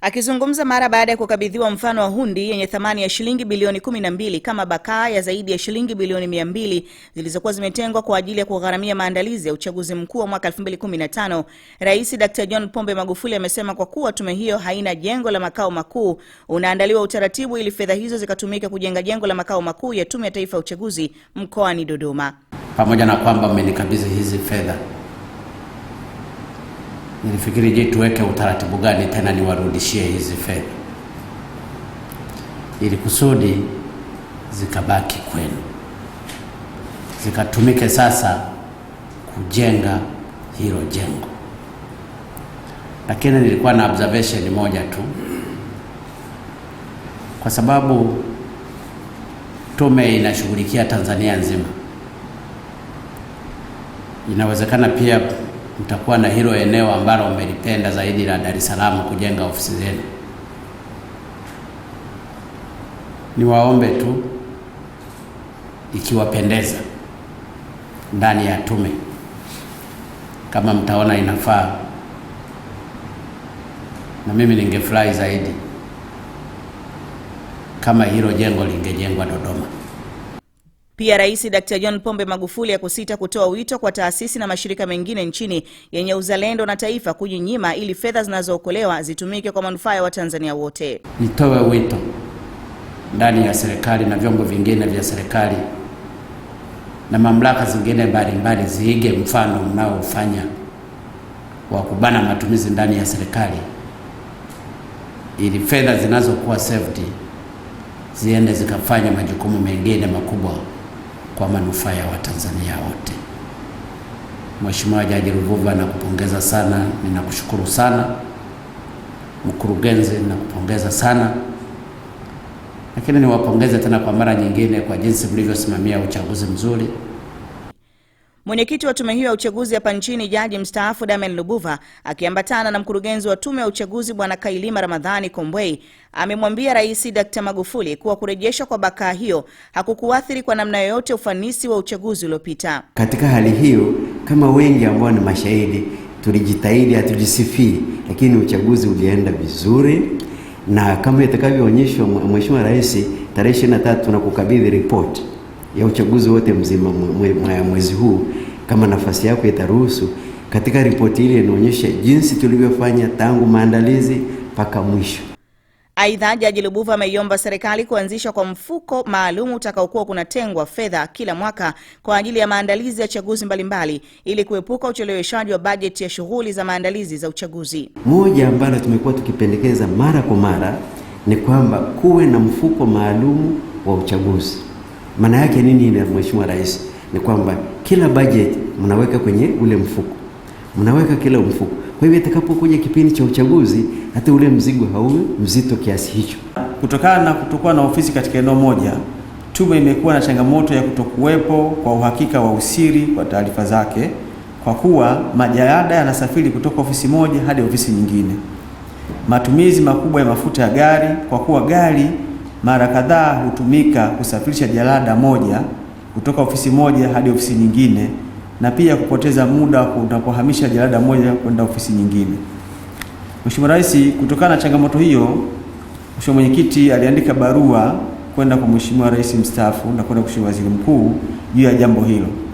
Akizungumza mara baada ya kukabidhiwa mfano wa hundi yenye thamani ya shilingi bilioni mbili kama bakaa ya zaidi ya shilingi bilioni mbili zilizokuwa zimetengwa kwa ajili ya kugharamia maandalizi ya uchaguzi mkuu wa mwaka 2015, Rais Dr. John Pombe Magufuli amesema kwa kuwa tume hiyo haina jengo la makao makuu, unaandaliwa utaratibu ili fedha hizo zikatumika kujenga jengo la makao makuu ya Tume ya Taifa ya Uchaguzi mkoani Dodoma. Pamoja na kwamba mmenikabidhi hizi fedha nilifikiri, je, tuweke utaratibu gani tena niwarudishie hizi fedha ili kusudi zikabaki kwenu zikatumike sasa kujenga hilo jengo. Lakini nilikuwa na observation moja tu, kwa sababu tume inashughulikia Tanzania nzima, inawezekana pia mtakuwa na hilo eneo ambalo umelipenda zaidi la Dar es Salaam kujenga ofisi zenu. Niwaombe tu ikiwapendeza, ndani ya tume, kama mtaona inafaa, na mimi ningefurahi zaidi kama hilo jengo lingejengwa Dodoma. Pia Rais Dr. John Pombe Magufuli hakusita kutoa wito kwa taasisi na mashirika mengine nchini yenye uzalendo na taifa kujinyima ili fedha zinazookolewa zitumike kwa manufaa ya Watanzania wote. Nitoe wito ndani ya serikali na vyombo vingine vya serikali na mamlaka zingine mbalimbali ziige mfano mnaofanya wa kubana matumizi ndani ya serikali ili fedha zinazokuwa saved ziende zikafanya majukumu mengine makubwa kwa manufaa ya Watanzania wote. Mheshimiwa Jaji Ruvuva, nakupongeza sana, ninakushukuru sana. Mkurugenzi, nakupongeza sana, lakini niwapongeze tena kwa mara nyingine kwa jinsi mlivyosimamia uchaguzi mzuri. Mwenyekiti wa tume hiyo ya uchaguzi hapa nchini, jaji mstaafu Damian Lubuva, akiambatana na mkurugenzi wa tume ya uchaguzi bwana Kailima Ramadhani Kombwei, amemwambia Rais Dkt Magufuli kuwa kurejeshwa kwa bakaa hiyo hakukuathiri kwa namna yoyote ufanisi wa uchaguzi uliopita. Katika hali hiyo, kama wengi ambao ni mashahidi, tulijitahidi, hatujisifii, lakini uchaguzi ulienda vizuri na kama itakavyoonyeshwa Mheshimiwa Rais, tarehe 23 tunakukabidhi ripoti ya uchaguzi wote mzima mwezi huu, kama nafasi yako itaruhusu. Katika ripoti ile inaonyesha jinsi tulivyofanya tangu maandalizi mpaka mwisho. Aidha, Jaji Lubuva ameiomba serikali kuanzisha kwa mfuko maalum utakaokuwa kunatengwa fedha kila mwaka kwa ajili ya maandalizi ya chaguzi mbalimbali ili kuepuka ucheleweshaji wa bajeti ya shughuli za maandalizi za uchaguzi. Moja ambalo tumekuwa tukipendekeza mara kwa mara ni kwamba kuwe na mfuko maalum wa uchaguzi maana yake nini ile Mheshimiwa Rais? Ni kwamba kila budget mnaweka kwenye ule mfuko, mnaweka kila mfuko. Kwa hivyo itakapokuja kipindi cha uchaguzi, hata ule mzigo hauwe mzito kiasi hicho. Kutokana na kutokuwa na ofisi katika eneo moja, tume imekuwa na changamoto ya kutokuwepo kwa uhakika wa usiri kwa taarifa zake, kwa kuwa majalada yanasafiri kutoka ofisi moja hadi ofisi nyingine, matumizi makubwa ya mafuta ya gari, kwa kuwa gari mara kadhaa hutumika kusafirisha jalada moja kutoka ofisi moja hadi ofisi nyingine na pia kupoteza muda unapohamisha jalada moja kwenda ofisi nyingine. Mheshimiwa Rais, kutokana na changamoto hiyo, Mheshimiwa Mwenyekiti aliandika barua kwenda kwa Mheshimiwa Rais mstaafu na kwenda kwa Mheshimiwa Waziri Mkuu juu ya jambo hilo.